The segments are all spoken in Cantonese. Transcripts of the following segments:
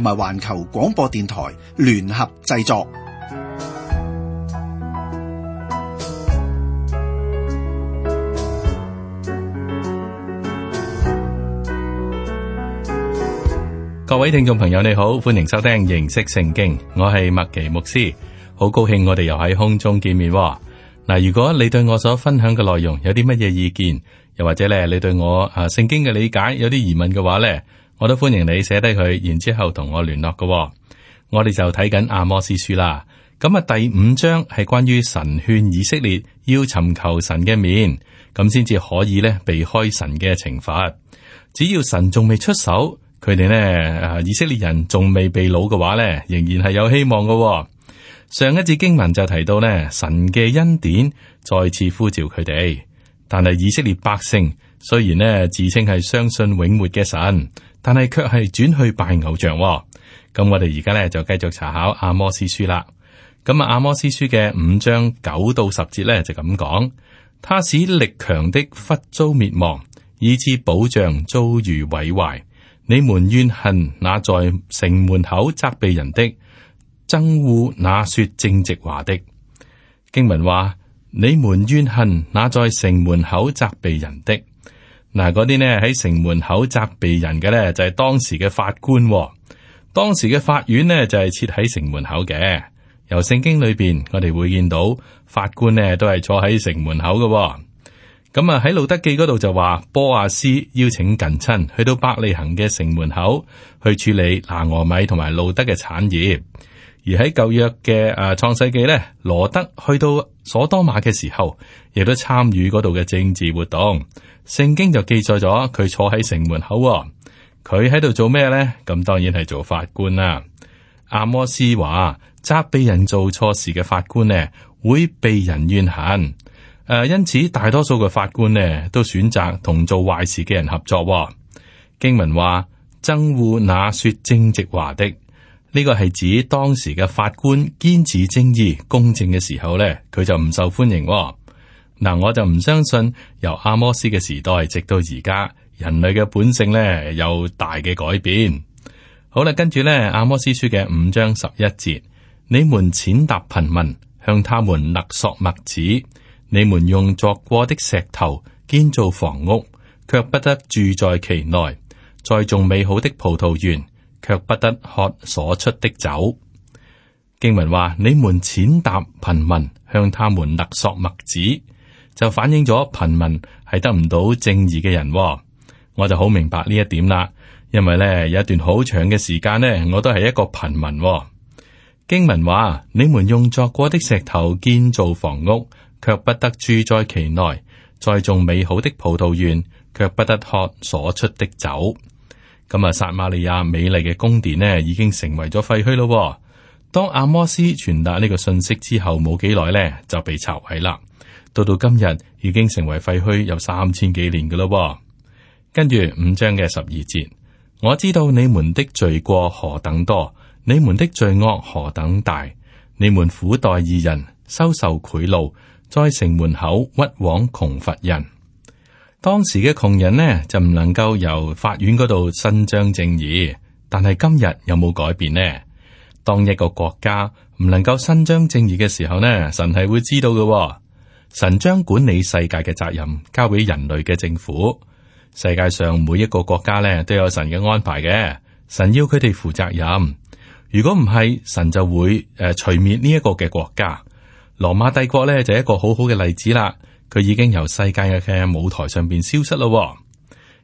同埋環球廣播電台聯合製作。各位聽眾朋友，你好，歡迎收聽認識聖經，我係麥奇牧師，好高興我哋又喺空中見面。嗱，如果你對我所分享嘅內容有啲乜嘢意見，又或者咧你對我啊聖經嘅理解有啲疑問嘅話咧，我都歡迎你寫低佢，然之後同我聯絡㗎喎。我哋就睇緊《阿摩司書》啦。咁啊，第五章係關於神勸以色列要尋求神嘅面，咁先至可以呢避開神嘅懲罰。只要神仲未出手，佢哋呢以色列人仲未被擄嘅話呢，仍然係有希望㗎喎。上一次經文就提到呢神嘅恩典再次呼召佢哋，但係以色列百姓雖然呢自稱係相信永活嘅神。但係卻係轉去拜偶像。哦，咁我哋而家咧就繼續查考阿摩斯書啦。咁啊，阿摩斯書嘅五章九到十節咧就咁講：他使力強的忽遭滅亡，以致保障遭遇毀壞。你們怨恨那在城門口責備人的，憎惡那說正直話的。經文話：你們怨恨那在城門口責備人的。嗱，嗰啲呢喺城門口責備人嘅呢，就係當時嘅法官。當時嘅法院呢，就係設喺城門口嘅。由聖經裏邊，我哋會見到法官呢，都係坐喺城門口嘅。咁啊喺路得記嗰度就話，波阿斯邀請近親去到伯利恆嘅城門口去處理拿俄米同埋路得嘅產業。而喺舊約嘅啊創世紀咧，羅得去到所多瑪嘅時候，亦都參與嗰度嘅政治活動。聖經就記載咗佢坐喺城門口、哦，佢喺度做咩咧？咁當然係做法官啦。阿摩司話：責備人做錯事嘅法官呢，會被人怨恨。誒、啊，因此大多數嘅法官呢，都選擇同做壞事嘅人合作、哦。經文話：憎惡那說正直話的。呢個係指當時嘅法官堅持正義、公正嘅時候呢，佢就唔受歡迎，哦。嗱，我就唔相信由阿摩斯嘅時代直到而家，人類嘅本性呢有大嘅改變。好啦，跟住呢，阿摩斯書嘅五章十一節，你們踐踏貧民，向他們勒索麥子，你們用鑿過的石頭建造房屋，卻不得住在其內，栽種美好的葡萄園。卻不得喝所出的酒。經文話：你們踐踏貧民，向他們勒索麥子，就反映咗貧民係得唔到正義嘅人、哦。我就好明白呢一點啦，因為呢有一段好長嘅時間呢，我都係一個貧民、哦。經文話：你們用作過的石頭建造房屋，卻不得住在其內；栽種美好的葡萄園，卻不得喝所出的酒。咁啊，撒瑪利亞美麗嘅宮殿呢，已經成為咗廢墟咯。當阿摩斯傳達呢個信息之後，冇幾耐呢，就被拆毀啦。到到今日，已經成為廢墟有三千幾年噶咯。跟住五章嘅十二節，我知道你們的罪過何等多，你們的罪惡何等大，你們苦待義人，收受賄賂，在城門口屈枉窮乏人。當時嘅窮人呢就唔能夠由法院嗰度伸張正義，但係今日有冇改變呢？當一個國家唔能夠伸張正義嘅時候呢，神係會知道嘅哦。神將管理世界嘅責任交俾人類嘅政府。世界上每一個國家呢都有神嘅安排嘅，神要佢哋負責任。如果唔係，神就會誒除滅呢一個嘅國家。羅馬帝國呢就係一個好好嘅例子啦。佢已經由世界嘅舞台上邊消失咯。哦，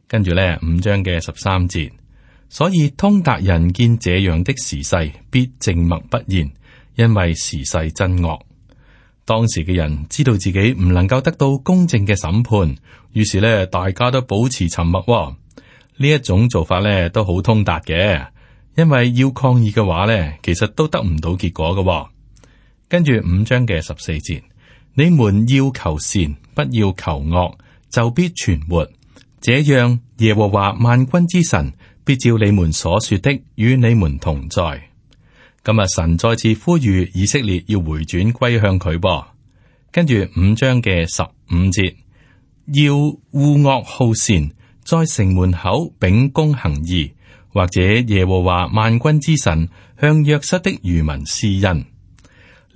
跟住咧五章嘅十三節，所以通達人見這樣的時勢，必靜默不言，因為時勢真惡。當時嘅人知道自己唔能夠得到公正嘅審判，於是咧大家都保持沉默喎。呢一種做法咧都好通達嘅，因為要抗議嘅話咧，其實都得唔到結果嘅喎。跟住五章嘅十四節。你們要求善，不要求惡，就必存活。這樣，耶和華萬軍之神必照你們所說的與你們同在。今日神再次呼籲以色列要回轉歸向佢噃。跟住五章嘅十五節，要護惡好善，在城門口秉公行義，或者耶和華萬軍之神向約瑟的餘民施恩。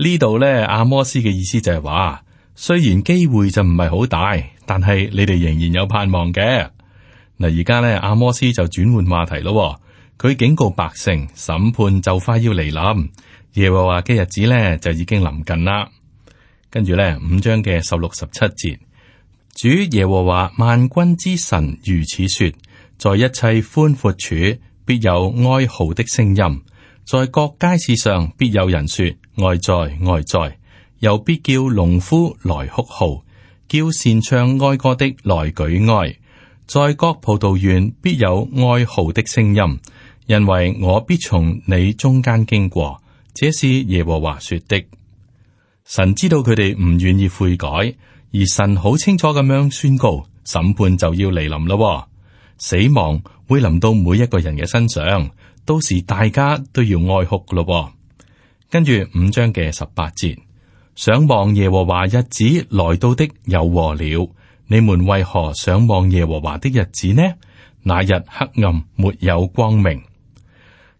呢度呢，阿摩司嘅意思就係話，雖然機會就唔係好大，但係你哋仍然有盼望嘅。嗱，而家呢，阿摩司就轉換話題咯。佢警告百姓，審判就快要嚟臨，耶和華嘅日子呢就已經臨近啦。跟住呢，五章嘅十六十七節，主耶和華萬軍之神如此說：在一切寬闊處必有哀嚎的聲音，在各街市上必有人說。哀哉，哀哉，又必叫農夫來哭號，叫善唱哀歌的來舉哀。在各葡萄園必有哀嚎的聲音，因為我必從你中間經過。這是耶和華說的。神知道佢哋唔願意悔改，而神好清楚咁樣宣告審判就要嚟臨啦，死亡會臨到每一個人嘅身上，到時大家都要哀哭噶啦。跟住五章嘅十八節，想望耶和華日子來到的有禍了。你們為何想望耶和華的日子呢？那日黑暗沒有光明。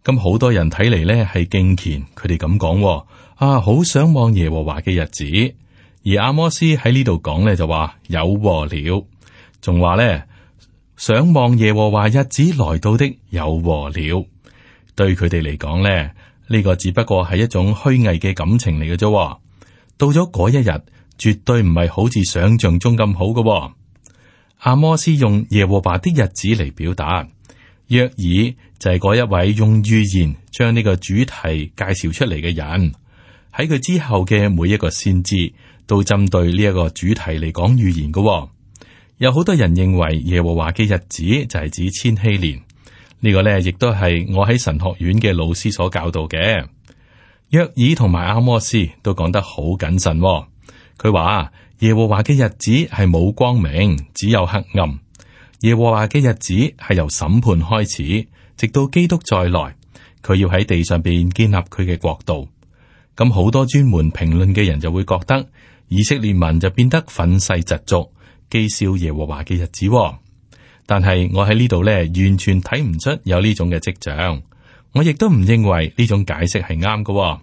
咁、嗯、好多人睇嚟呢係敬虔，佢哋咁講，啊好想望耶和華嘅日子。而阿摩斯喺呢度講呢，就話有禍了，仲話呢，想望耶和華日子來到的有禍了。對佢哋嚟講呢。呢個只不過係一種虛偽嘅感情嚟嘅啫，到咗嗰一日，絕對唔係好似想象中咁好嘅。阿摩斯用耶和華的日子嚟表達，約珥就係嗰一位用預言將呢個主題介紹出嚟嘅人。喺佢之後嘅每一個先知，都針對呢一個主題嚟講預言嘅。有好多人認為耶和華嘅日子就係指千禧年。呢個呢，亦都係我喺神學院嘅老師所教導嘅。約爾同埋阿摩斯都講得好謹慎，哦。佢話耶和華嘅日子係冇光明，只有黑暗。耶和華嘅日子係由審判開始，直到基督再來，佢要喺地上邊建立佢嘅國度。咁好多專門評論嘅人就會覺得以色列民就變得憤世嫉俗，譏笑耶和華嘅日子，哦。但係我喺呢度呢，完全睇唔出有呢種嘅跡象。我亦都唔認為呢種解釋係啱嘅。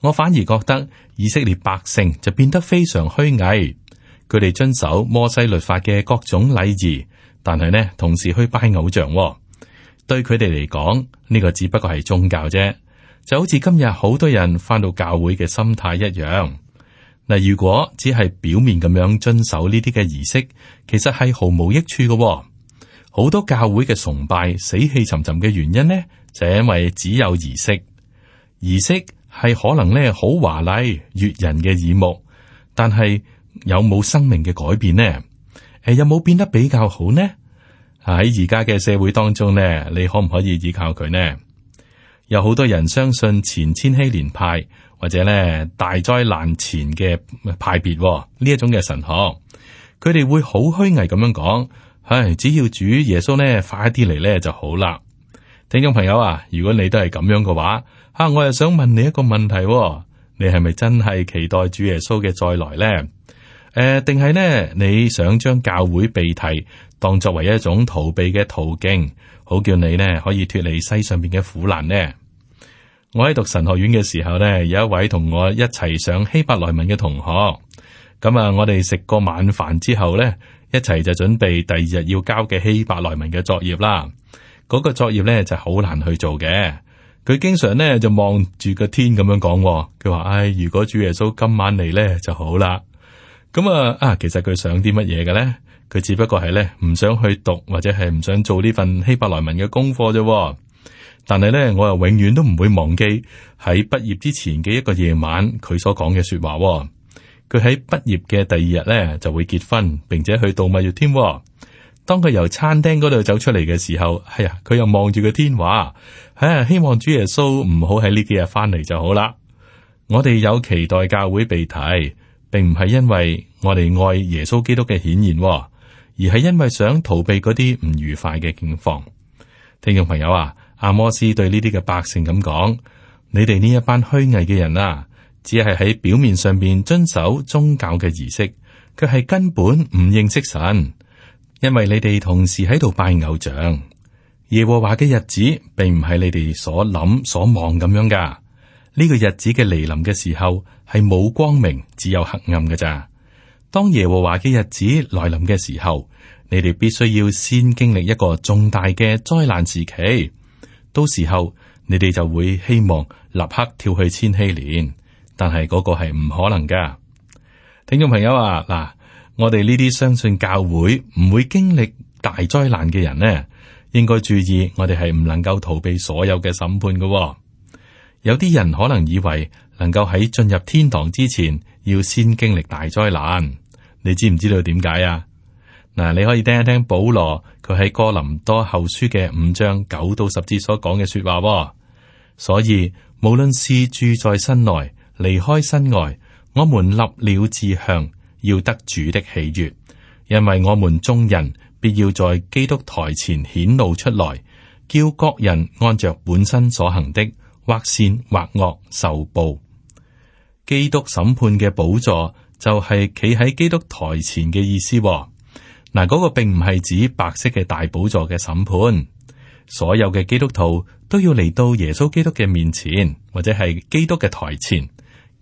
我反而覺得以色列百姓就變得非常虛偽。佢哋遵守摩西律法嘅各種禮儀，但係呢，同時去拜偶像哦。對佢哋嚟講，呢個只不過係宗教啫。就好似今日好多人返到教會嘅心態一樣。嗱，如果只係表面咁樣遵守呢啲嘅儀式，其實係毫無益處嘅哦。好多教會嘅崇拜死氣沉沉嘅原因呢，就因為只有儀式，儀式係可能呢好華麗悦人嘅耳目，但係有冇生命嘅改變呢？誒，有冇變得比較好呢？喺而家嘅社會當中呢，你可唔可以依靠佢呢？有好多人相信前千禧年派或者呢大災難前嘅派別呢一種嘅神學，佢哋會好虛偽咁樣講。唉，只要主耶穌咧快啲嚟咧就好啦。聽眾朋友啊，如果你都係咁樣嘅話，吓、啊，我又想問你一個問題、啊，你係咪真係期待主耶穌嘅再來呢？誒、呃，定係呢，你想將教會被提當作為一種逃避嘅途徑，好叫你呢可以脫離世上面嘅苦難呢？我喺讀神學院嘅時候呢，有一位同我一齊上希伯來文嘅同學，咁啊，我哋食過晚飯之後呢。一齊就準備第二日要交嘅希伯來文嘅作業啦。嗰個作業咧就好難去做嘅。佢經常咧就望住個天咁樣講喎，佢話，唉，如果主耶穌今晚嚟咧就好啦。咁啊，啊，其實佢想啲乜嘢嘅咧？佢只不過係咧唔想去讀或者係唔想做呢份希伯來文嘅功課啫喎。但係咧，我又永遠都唔會忘記喺畢業之前嘅一個夜晚佢所講嘅說話喎。佢喺畢業嘅第二日咧，就會結婚，並且去度蜜月添。當佢由餐廳嗰度走出嚟嘅時候，係、哎、啊，佢又望住個天話，唉、哎，希望主耶穌唔好喺呢幾日翻嚟就好啦。我哋有期待教會被提，並唔係因為我哋愛耶穌基督嘅顯現，而係因為想逃避嗰啲唔愉快嘅境況。聽眾朋友啊，阿摩斯對呢啲嘅百姓咁講：你哋呢一班虛偽嘅人啊！只係喺表面上面遵守宗教嘅儀式，佢係根本唔認識神，因為你哋同時喺度拜偶像。耶和華嘅日子並唔係你哋所諗所望咁樣噶。呢、這個日子嘅來臨嘅時候係冇光明，只有黑暗嘅咋。當耶和華嘅日子來臨嘅時候，你哋必須要先經歷一個重大嘅災難時期。到時候你哋就會希望立刻跳去千禧年。但係嗰個係唔可能噶聽眾朋友啊，嗱，我哋呢啲相信教會唔會經歷大災難嘅人呢，應該注意我哋係唔能夠逃避所有嘅審判嘅喎。有啲人可能以為能夠喺進入天堂之前要先經歷大災難，你知唔知道點解啊？嗱，你可以聽一聽保羅佢喺哥林多後書嘅五章九到十節所講嘅說話喎。所以，無論是住在身內。離開身外，我們立了志向，要得主的喜悅，因為我們眾人必要在基督台前顯露出來，叫各人按着本身所行的，或善或惡受報。基督審判嘅寶座就係企喺基督台前嘅意思。嗱，嗰個並唔係指白色嘅大寶座嘅審判，所有嘅基督徒都要嚟到耶穌基督嘅面前，或者係基督嘅台前。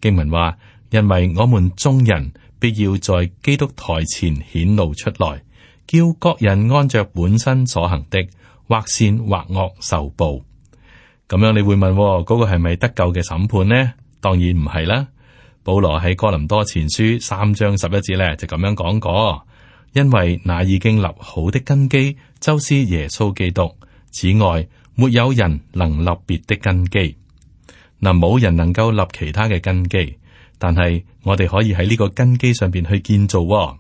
經文話，因為我們眾人必要在基督台前顯露出來，叫各人按着本身所行的，或善或惡受報。咁樣你會問嗰、那個係咪得救嘅審判呢？當然唔係啦。保羅喺哥林多前書三章十一節呢，就咁樣講過，因為那已經立好的根基，就是耶穌基督。此外，沒有人能立別的根基。嗱，冇人能夠立其他嘅根基，但係我哋可以喺呢個根基上邊去建造、哦。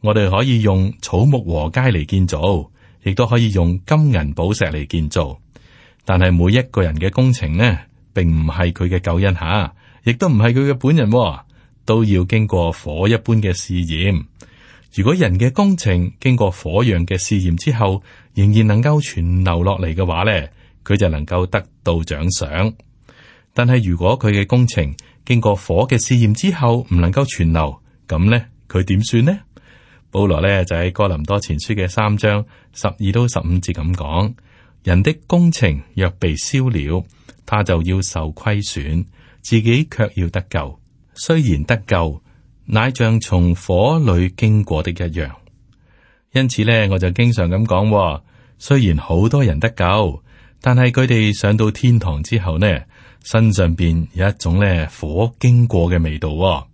我哋可以用草木禾秸嚟建造，亦都可以用金銀寶石嚟建造。但係每一個人嘅工程呢，並唔係佢嘅救恩下，亦都唔係佢嘅本人、哦，都要經過火一般嘅試驗。如果人嘅工程經過火樣嘅試驗之後，仍然能夠存留落嚟嘅話呢，佢就能夠得到獎賞。但係如果佢嘅工程經過火嘅試驗之後，唔能夠存留，咁呢？佢點算呢？保羅咧就喺、是、哥林多前書嘅三章十二到十五節咁講：人的工程若被燒了，他就要受虧損，自己卻要得救。雖然得救，乃像從火裏經過的一樣。因此咧，我就經常咁講，雖然好多人得救，但係佢哋上到天堂之後呢。」身上邊有一種咧，火經過嘅味道、哦，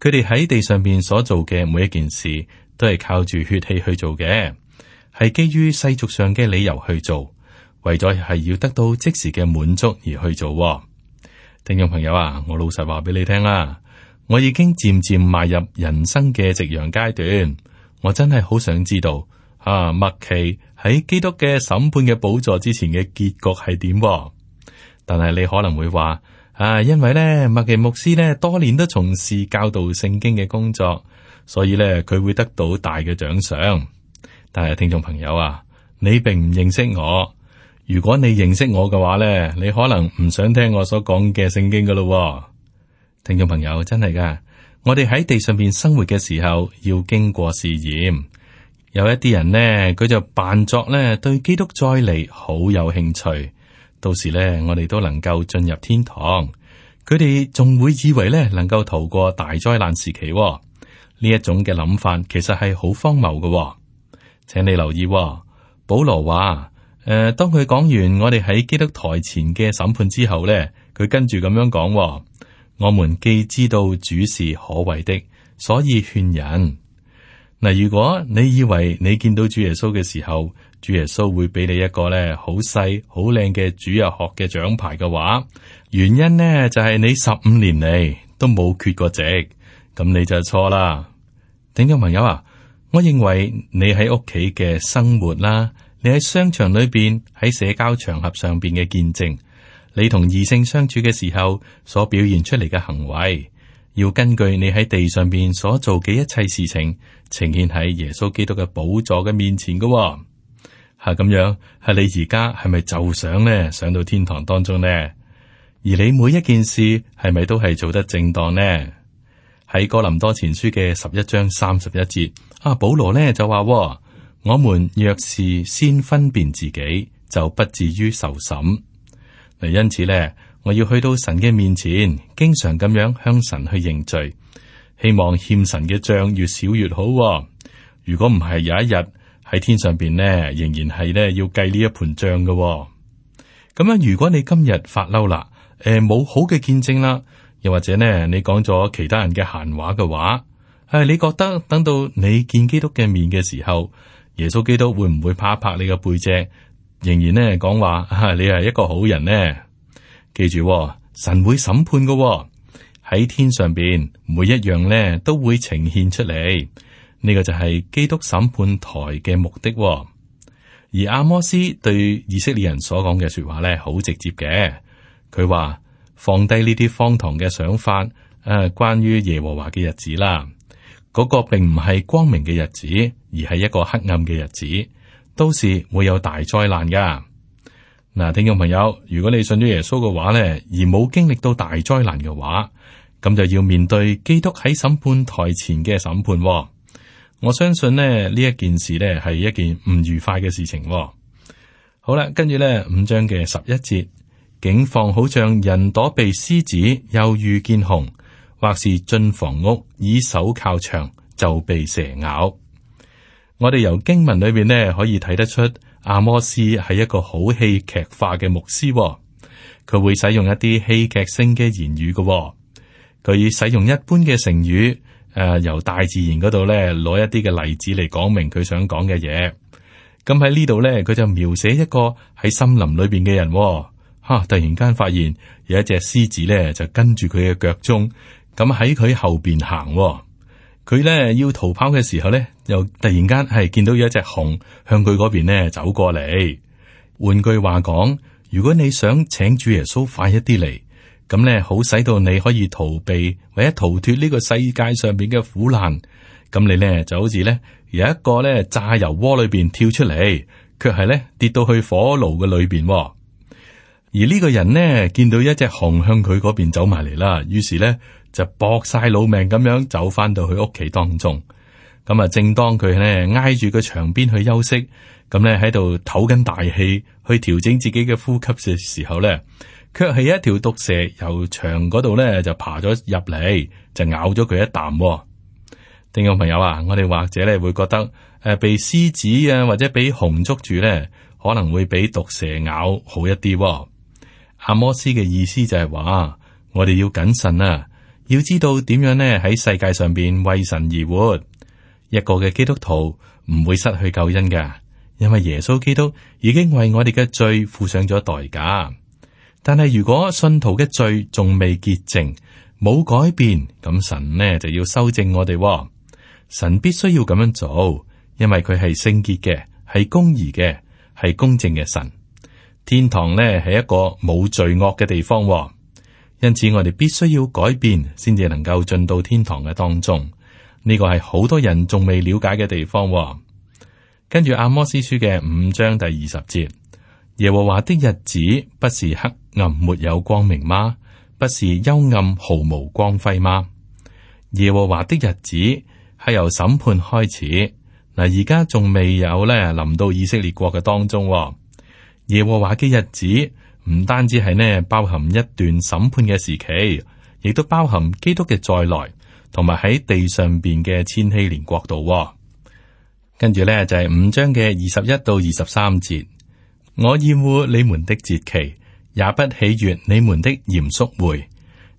佢哋喺地上邊所做嘅每一件事，都係靠住血氣去做嘅，係基於世俗上嘅理由去做，為咗係要得到即時嘅滿足而去做、哦。聽眾朋友啊，我老實話俾你聽、啊、啦，我已經漸漸邁入人生嘅夕陽階段，我真係好想知道啊，麥奇喺基督嘅審判嘅寶座之前嘅結局係點、哦。但係你可能會話啊，因為咧麥奇牧師咧多年都從事教導聖經嘅工作，所以咧佢會得到大嘅獎賞。但係聽眾朋友啊，你並唔認識我。如果你認識我嘅話咧，你可能唔想聽我所講嘅聖經噶咯、啊。聽眾朋友真係噶，我哋喺地上面生活嘅時候要經過試驗，有一啲人呢，佢就扮作咧對基督再嚟好有興趣。到時咧，我哋都能夠進入天堂，佢哋仲會以為咧能夠逃過大災難時期，哦。呢一種嘅諗法其實係好荒謬嘅，哦。請你留意，哦，保羅話：，誒、呃，當佢講完我哋喺基督台前嘅審判之後咧，佢跟住咁樣講，哦：，我們既知道主是可畏的，所以勸人。嗱，呃，如果你以為你見到主耶穌嘅時候，主耶穌會俾你一個咧好細好靚嘅主日學嘅獎牌嘅話，原因呢就係、是、你十五年嚟，都冇缺過席，咁你就錯啦。點嘅、嗯、朋友啊，我認為你喺屋企嘅生活啦，你喺商場裏邊、喺社交場合上邊嘅見證，你同異性相處嘅時候所表現出嚟嘅行為，要根據你喺地上邊所做嘅一切事情呈現喺耶穌基督嘅寶座嘅面前嘅。係咁樣，係你而家係咪就想咧上到天堂當中呢？而你每一件事係咪都係做得正當呢？喺哥林多前書嘅十一章三十一節，阿、啊、保羅呢就話：我們若是先分辨自己，就不至於受審。嗱，因此呢，我要去到神嘅面前，經常咁樣向神去認罪，希望欠神嘅賬越少越好，啊。如果唔係，有一日。喺天上邊呢，仍然係咧要計呢一盤賬嘅。咁樣如果你今日發嬲啦，誒、呃、冇好嘅見證啦，又或者呢，你講咗其他人嘅閒話嘅話，誒、哎、你覺得等到你見基督嘅面嘅時候，耶穌基督會唔會拍拍你嘅背脊，仍然咧講話、啊、你係一個好人呢？記住、哦，神會審判嘅喺、哦、天上邊，每一樣呢，都會呈現出嚟。呢個就係基督審判台嘅目的、哦。而阿摩斯對以色列人所講嘅說話呢，好直接嘅。佢話放低呢啲荒唐嘅想法，誒、呃，關於耶和華嘅日子啦，嗰個並唔係光明嘅日子，而係一個黑暗嘅日子，都是會有大災難噶。嗱、啊，聽眾朋友，如果你信咗耶穌嘅話呢，而冇經歷到大災難嘅話，咁就要面對基督喺審判台前嘅審判、哦。我相信咧呢一件事呢，係一件唔愉快嘅事情、哦。好啦，跟住呢五章嘅十一節，「景況好像人躲避獅子，又遇見熊，或是進房屋以手靠牆就被蛇咬。」我哋由經文裏邊呢，可以睇得出，阿摩司係一個好戲劇化嘅牧師、哦，佢會使用一啲戲劇性嘅言語嘅、哦，佢亦使用一般嘅成語。誒、呃，由大自然嗰度咧，攞一啲嘅例子嚟講明佢想講嘅嘢。咁喺呢度咧，佢就描寫一個喺森林裏邊嘅人、哦，吓、啊、突然間發現有一隻獅子咧就跟住佢嘅腳蹤咁喺佢後邊行、哦。佢咧要逃跑嘅時候咧，又突然間係見到有一隻熊向佢嗰邊咧走過嚟。換句話講，如果你想請主耶穌快一啲嚟。咁咧，好使到你可以逃避或者逃脫呢個世界上邊嘅苦難。咁你咧就好似咧有一個咧炸油鍋裏邊跳出嚟，卻係咧跌到去火爐嘅裏邊、哦。而呢個人呢，見到一隻熊向佢嗰邊走埋嚟啦，於是咧就搏晒老命咁樣走翻到佢屋企當中。咁啊，正當佢咧挨住個牆邊去休息，咁咧喺度唞緊大氣，去調整自己嘅呼吸嘅時候咧。卻係一條毒蛇，由牆嗰度咧就爬咗入嚟，就咬咗佢一啖、哦。聽眾朋友啊，我哋或者咧會覺得誒、呃，被獅子啊或者被熊捉住咧，可能會比毒蛇咬好一啲、哦。阿摩斯嘅意思就係話，我哋要謹慎啊，要知道點樣咧喺世界上邊為神而活。一個嘅基督徒唔會失去救恩噶，因為耶穌基督已經為我哋嘅罪付上咗代價。但係如果信徒嘅罪仲未潔淨、冇改變，咁神呢就要修正我哋喎。神必須要咁樣做，因為佢係聖潔嘅、係公義嘅、係公正嘅神。天堂呢係一個冇罪惡嘅地方喎，因此我哋必須要改變，先至能夠進到天堂嘅當中。呢個係好多人仲未了解嘅地方喎。跟住《阿摩司書》嘅五章第二十節，耶和華的日子不是黑暗沒有光明嗎？不是幽暗，毫無光輝嗎？耶和華的日子係由審判開始嗱，而家仲未有呢臨到以色列國嘅當中。耶和華嘅日子唔單止係咧，包含一段審判嘅時期，亦都包含基督嘅再來，同埋喺地上邊嘅千禧年國度。跟住呢，就係五章嘅二十一到二十三節，我厭惡你們的節期。也不喜悦你們的嚴肅會。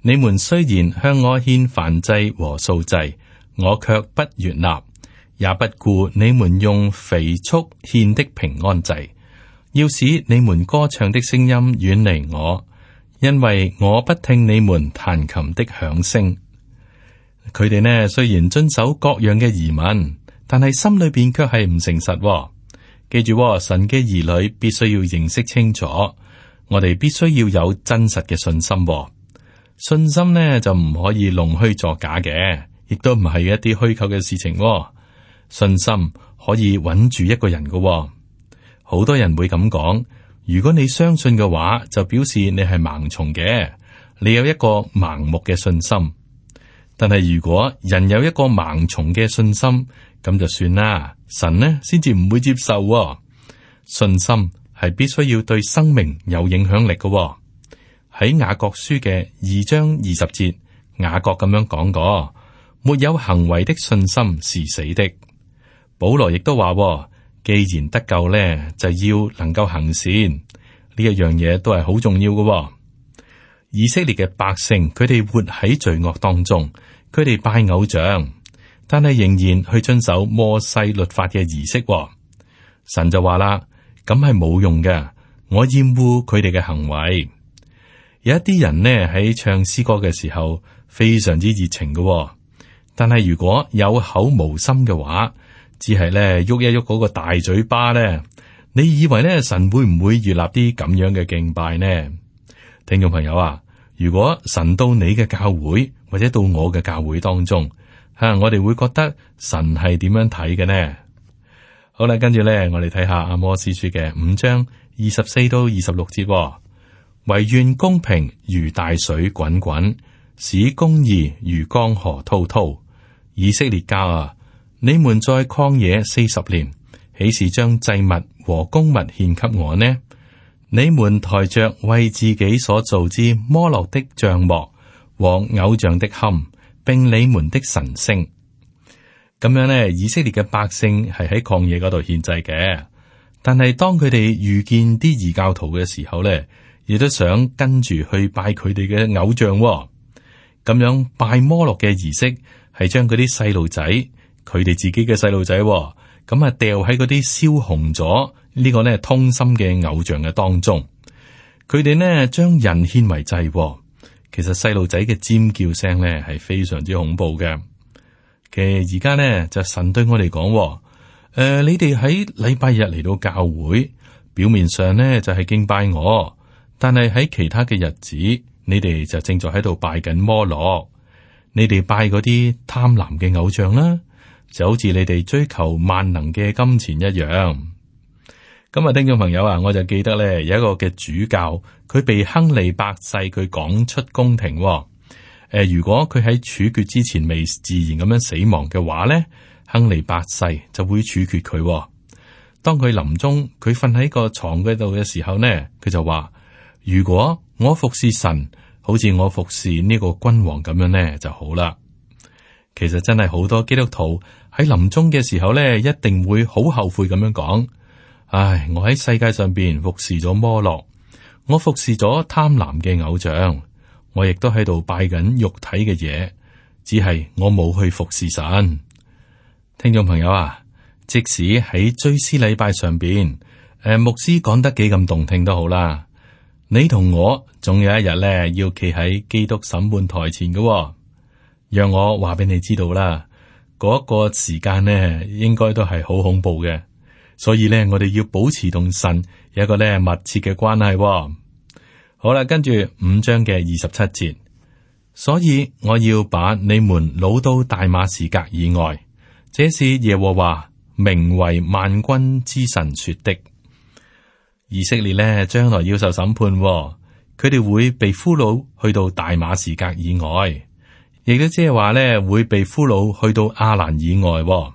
你們雖然向我獻燔祭和素祭，我卻不悅納；也不顧你們用肥畜獻的平安祭，要使你們歌唱的聲音遠離我，因為我不聽你們彈琴的響聲。佢哋呢雖然遵守各樣嘅儀文，但係心裏邊卻係唔誠實、哦。記住、哦，神嘅兒女必須要認識清楚。我哋必須要有真實嘅信心、哦，信心呢就唔可以弄虛作假嘅，亦都唔係一啲虛構嘅事情、哦。信心可以穩住一個人嘅、哦，好多人會咁講。如果你相信嘅話，就表示你係盲從嘅，你有一個盲目嘅信心。但係如果人有一個盲從嘅信心，咁就算啦，神呢先至唔會接受、哦、信心。係必須要對生命有影響力噶喎、哦。喺雅各書嘅二章二十節，雅各咁樣講過：沒有行為的信心是死的。保羅亦都話：既然得救呢，就要能夠行善，呢一樣嘢都係好重要噶、哦。以色列嘅百姓，佢哋活喺罪惡當中，佢哋拜偶像，但係仍然去遵守摩西律法嘅儀式、哦。神就話啦。咁係冇用嘅，我厭惡佢哋嘅行為。有一啲人呢，喺唱詩歌嘅時候非常之熱情嘅、哦，但係如果有口無心嘅話，只係咧喐一喐嗰個大嘴巴咧，你以為咧神會唔會預立啲咁樣嘅敬拜呢？聽眾朋友啊，如果神到你嘅教會或者到我嘅教會當中，吓、啊、我哋會覺得神係點樣睇嘅呢？好啦，跟住咧，我哋睇下阿摩司書嘅五章二十四到二十六節、哦，唯願公平如大水滾滾，使公義如江河滔滔。以色列家啊，你們在曠野四十年，豈是將祭物和公物獻給我呢？你們抬着為自己所造之摩洛的帳幕和偶像的龕，並你們的神星。咁樣咧，以色列嘅百姓係喺曠野嗰度獻祭嘅，但係當佢哋遇見啲異教徒嘅時候咧，亦都想跟住去拜佢哋嘅偶像、哦。咁樣拜摩洛嘅儀式係將嗰啲細路仔，佢哋自己嘅細路仔，咁啊掉喺嗰啲燒紅咗、這個、呢個咧通心嘅偶像嘅當中。佢哋呢將人獻為祭、哦，其實細路仔嘅尖叫聲咧係非常之恐怖嘅。其實而家咧就神對我哋講，誒、呃，你哋喺禮拜日嚟到教會，表面上咧就係、是、敬拜我，但係喺其他嘅日子，你哋就正在喺度拜緊摩羅，你哋拜嗰啲貪婪嘅偶像啦，就好似你哋追求萬能嘅金錢一樣。今日，聽眾朋友啊，我就記得咧有一個嘅主教，佢被亨利八世佢趕出宮廷、哦。誒，如果佢喺處決之前未自然咁樣死亡嘅話呢，亨利八世就會處決佢。當佢臨終，佢瞓喺個床嗰度嘅時候呢，佢就話：如果我服侍神，好似我服侍呢個君王咁樣呢就好啦。其實真係好多基督徒喺臨終嘅時候呢，一定會好後悔咁樣講：唉，我喺世界上邊服侍咗摩洛，我服侍咗貪婪嘅偶像。我亦都喺度拜緊肉體嘅嘢，只係我冇去服侍神。聽眾朋友啊，即使喺追思禮拜上邊，誒，牧師講得幾咁動聽都好啦。你同我，總有一日咧要企喺基督審判台前嘅喎。讓我話俾你知道啦，嗰個時間咧，應該都係好恐怖嘅。所以咧，我哋要保持同神有一個咧密切嘅關係喎。好啦，跟住五章嘅二十七節，所以我要把你們擄到大馬士革以外，這是耶和華名為萬軍之神說的。以色列呢將來要受審判，哦，佢哋會被俘虜去到大馬士革以外，亦都即係話咧會被俘虜去到亞蘭以外，哦。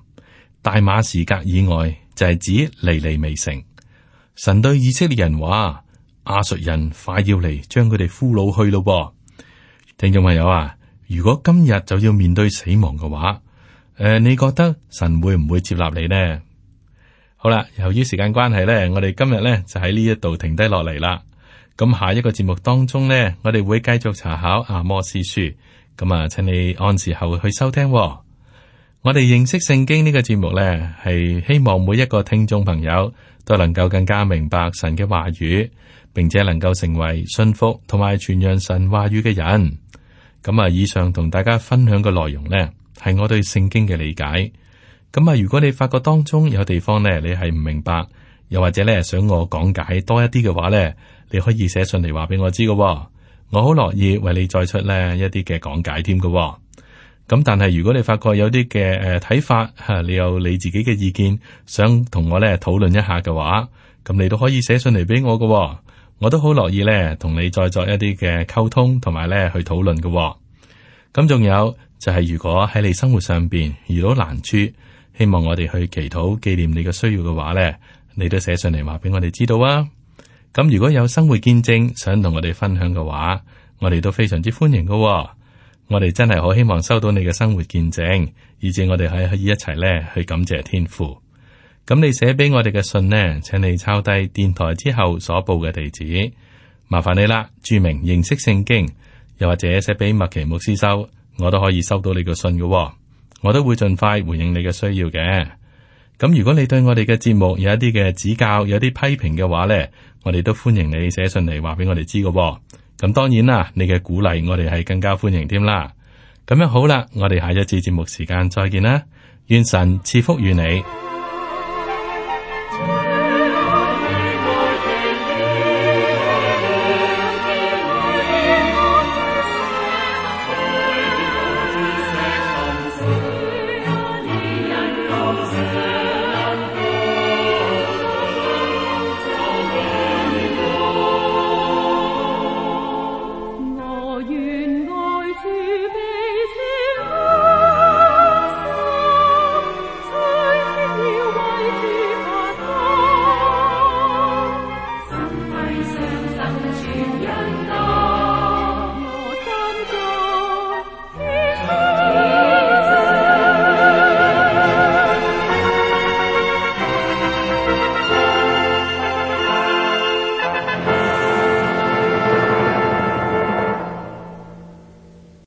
大馬士革以外就係指尼尼微城。神對以色列人話。亞述人快要嚟，將佢哋俘虜去咯。聽眾朋友啊，如果今日就要面對死亡嘅話，誒、呃，你覺得神會唔會接納你呢？好啦，由於時間關係咧，我哋今日咧就喺呢一度停低落嚟啦。咁下一個節目當中咧，我哋會繼續查考阿摩司書，咁啊，請你按時候去收聽。我哋認識聖經呢個節目呢，係希望每一個聽眾朋友都能夠更加明白神嘅話語，並且能夠成為信服同埋傳揚神話語嘅人。咁啊，以上同大家分享嘅內容呢，係我對聖經嘅理解。咁啊，如果你發覺當中有地方呢，你係唔明白，又或者呢，想我講解多一啲嘅話呢，你可以寫信嚟話俾我知嘅，我好樂意為你再出呢一啲嘅講解添嘅。咁但係如果你發覺有啲嘅誒睇法，吓，你有你自己嘅意見，想同我咧討論一下嘅話，咁你都可以寫信嚟俾我噶喎，我都好樂意咧同你再作一啲嘅溝通同埋咧去討論噶喎。咁仲有就係如果喺你生活上邊遇到難處，希望我哋去祈禱紀念你嘅需要嘅話咧，你都寫信嚟話俾我哋知道啊。咁如果有生活見證想同我哋分享嘅話，我哋都非常之歡迎噶喎。我哋真係好希望收到你嘅生活見證，以至我哋係可以一齊咧去感謝天父。咁你寫俾我哋嘅信呢，請你抄低電台之後所報嘅地址，麻煩你啦，注明認識聖經，又或者寫俾麥奇牧師收，我都可以收到你嘅信嘅㗎。哦，我都會盡快回應你嘅需要嘅。咁如果你對我哋嘅節目有一啲嘅指教，有啲批評嘅話呢，我哋都歡迎你寫信嚟話俾我哋知嘅。咁當然啦，你嘅鼓勵我哋係更加歡迎添啦。咁樣好啦，我哋下一次節目時間再見啦，願神賜福與你。